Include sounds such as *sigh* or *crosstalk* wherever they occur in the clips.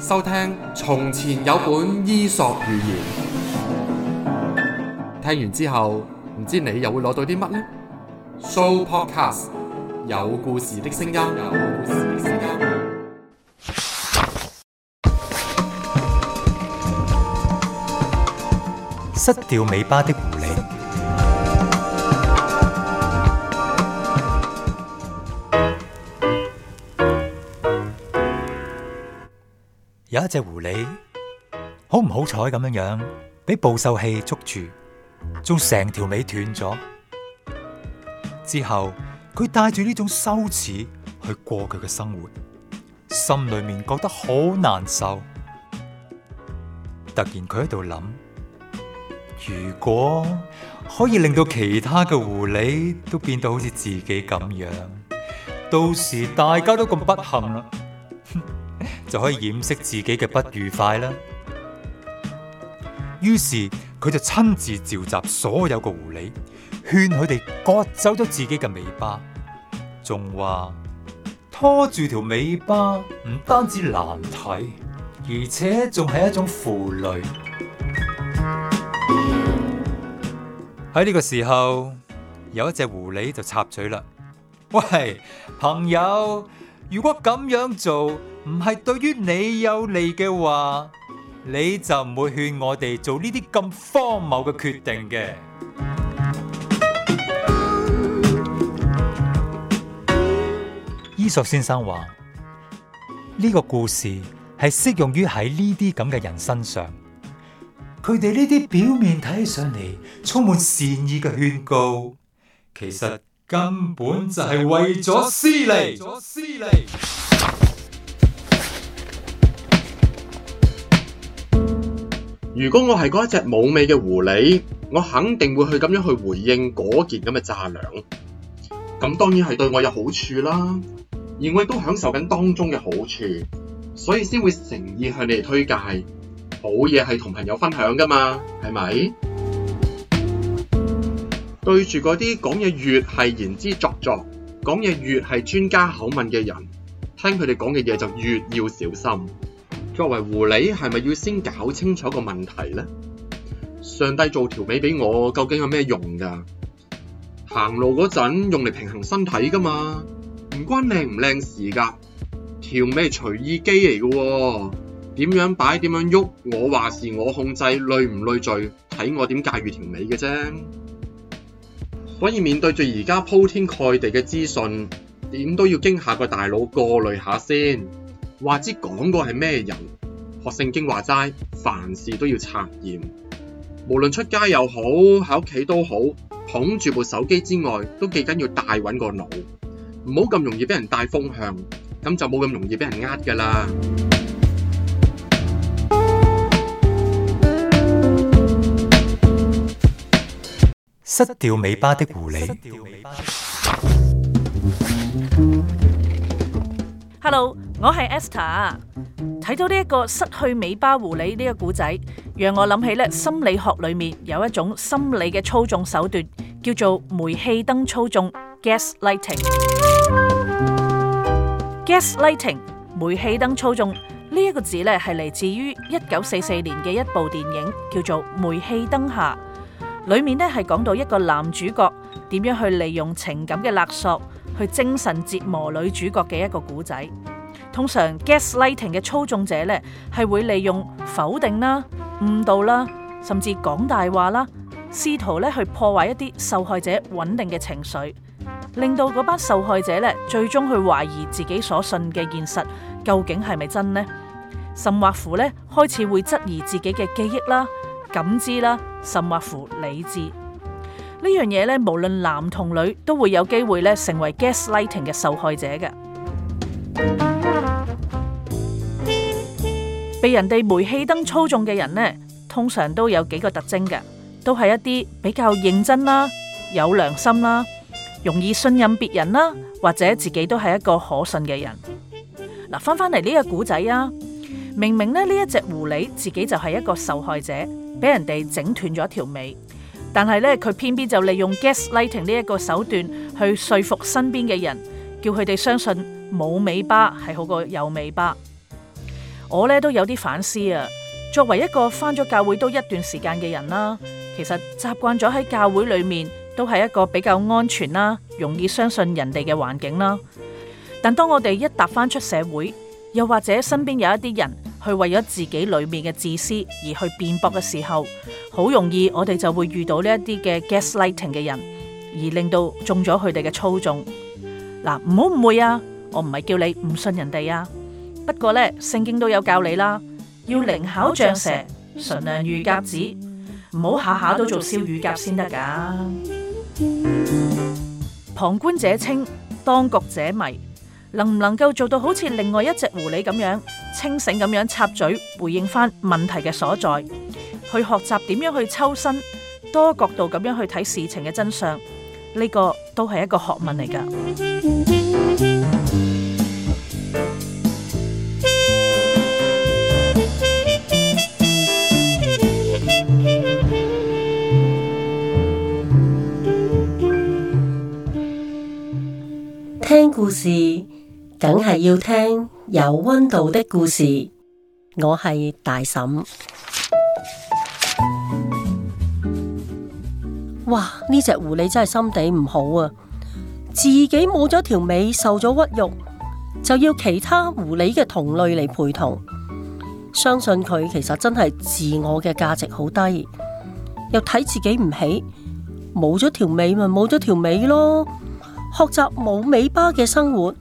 收聽從前有本伊索寓言，聽完之後唔知你又會攞到啲乜呢？Sooo Podcast 有故事的聲音，失掉尾巴的狐狸。有一隻狐狸，好唔好彩咁樣樣，俾捕獸器捉住，仲成條尾斷咗。之後佢帶住呢種羞恥去過佢嘅生活，心裏面覺得好難受。突然佢喺度諗，如果可以令到其他嘅狐狸都變到好似自己咁樣，到時大家都咁不幸啦。就可以掩飾自己嘅不愉快啦。於是佢就親自召集所有嘅狐狸，勸佢哋割走咗自己嘅尾巴，仲話拖住條尾巴唔單止難睇，而且仲係一種負累。喺呢個時候，有一隻狐狸就插嘴啦：「喂，朋友，如果咁樣做，唔係對於你有利嘅話，你就唔會勸我哋做呢啲咁荒謬嘅決定嘅。伊索先生話：呢個故事係適用於喺呢啲咁嘅人身上。佢哋呢啲表面睇起上嚟充滿善意嘅勸告，其實根本就係為咗私利。如果我係嗰一隻冇尾嘅狐狸，我肯定會去咁樣去回應嗰件咁嘅炸糧，咁當然係對我有好處啦，而我亦都享受緊當中嘅好處，所以先會誠意向你哋推介，好嘢係同朋友分享噶嘛，係咪？ *music* 對住嗰啲講嘢越係言之鑿鑿，講嘢越係專家口吻嘅人，聽佢哋講嘅嘢就越要小心。作為狐狸，係咪要先搞清楚個問題呢？上帝做條尾俾我，究竟有咩用噶？行路嗰陣用嚟平衡身體噶嘛，唔關靚唔靚事噶。條尾係隨意肌嚟噶，點樣擺點樣喐，我話事，我控制，累唔累贅睇我點駕馭條尾嘅啫。所以面對住而家鋪天蓋地嘅資訊，點都要經下個大腦，過濾下先。話知講過係咩人？學聖經話齋，凡事都要察驗。無論出街又好喺屋企都好，捧住部手機之外，都記緊要帶穩個腦，唔好咁容易俾人帶風向，咁就冇咁容易俾人呃㗎喇。失掉尾巴的狐狸。hello，我係 Esther。睇到呢一個失去尾巴狐狸呢個故仔，讓我諗起咧心理學裏面有一種心理嘅操縱手段，叫做煤氣燈操縱 （Gaslighting）。Gaslighting，煤氣燈操縱呢一個字咧係嚟自於一九四四年嘅一部電影，叫做《煤氣燈下》。裏面咧係講到一個男主角點樣去利用情感嘅勒索去精神折磨女主角嘅一個故仔。通常 gaslighting 嘅操縱者咧係會利用否定啦、誤導啦，甚至講大話啦，試圖咧去破壞一啲受害者穩定嘅情緒，令到嗰班受害者咧最終去懷疑自己所信嘅現實究竟係咪真呢？甚或乎咧開始會質疑自己嘅記憶啦。感知啦，甚或乎理智呢樣嘢咧，無論男同女都會有機會咧成為 gaslighting 嘅受害者嘅。被人哋煤氣燈操縱嘅人呢，通常都有幾個特徵嘅，都係一啲比較認真啦、有良心啦、容易信任別人啦，或者自己都係一個可信嘅人。嗱，翻翻嚟呢個古仔啊，明明呢，呢一隻狐狸自己就係一個受害者。俾人哋整斷咗條尾，但係咧佢偏偏就利用 gaslighting 呢一個手段去說服身邊嘅人，叫佢哋相信冇尾巴係好過有尾巴。我咧都有啲反思啊，作為一個翻咗教會都一段時間嘅人啦，其實習慣咗喺教會裏面都係一個比較安全啦、容易相信人哋嘅環境啦。但當我哋一搭翻出社會，又或者身邊有一啲人。去為咗自己裏面嘅自私而去辯駁嘅時候，好容易我哋就會遇到呢一啲嘅 gaslighting 嘅人，而令到中咗佢哋嘅操縱。嗱，唔好誤會啊，我唔係叫你唔信人哋啊。不過呢，聖經都有教你啦，要靈巧像蛇，純良如鴿子，唔好下下都做燒乳鴿先得㗎。旁觀者清，當局者迷。能唔能夠做到好似另外一隻狐狸咁樣清醒，咁樣插嘴回應翻問題嘅所在，去學習點樣去抽身，多角度咁樣去睇事情嘅真相，呢、這個都係一個學問嚟㗎。聽故事。梗係要聽有溫度的故事，我係大嬸。哇！呢隻狐狸真係心地唔好啊！自己冇咗條尾，受咗屈辱，就要其他狐狸嘅同類嚟陪同。相信佢其實真係自我嘅價值好低，又睇自己唔起，冇咗條尾咪冇咗條尾咯，學習冇尾巴嘅生活。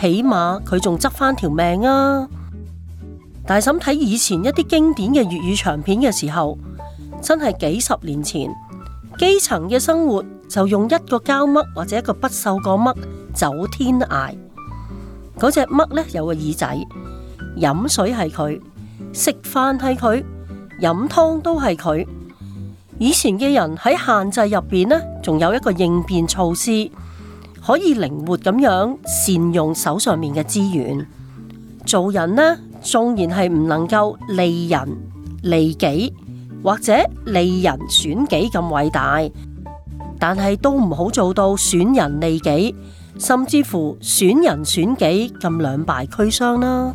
起碼佢仲執翻條命啊！大嬸睇以前一啲經典嘅粵語長片嘅時候，真係幾十年前基層嘅生活就用一個膠乜或者一個不銹鋼乜走天涯。嗰隻乜呢，有個耳仔，飲水係佢，食飯係佢，飲湯都係佢。以前嘅人喺限制入邊呢，仲有一個應變措施。可以靈活咁樣善用手上面嘅資源，做人呢，縱然係唔能夠利人利己，或者利人損己咁偉大，但係都唔好做到損人利己，甚至乎損人損己咁兩敗俱傷啦。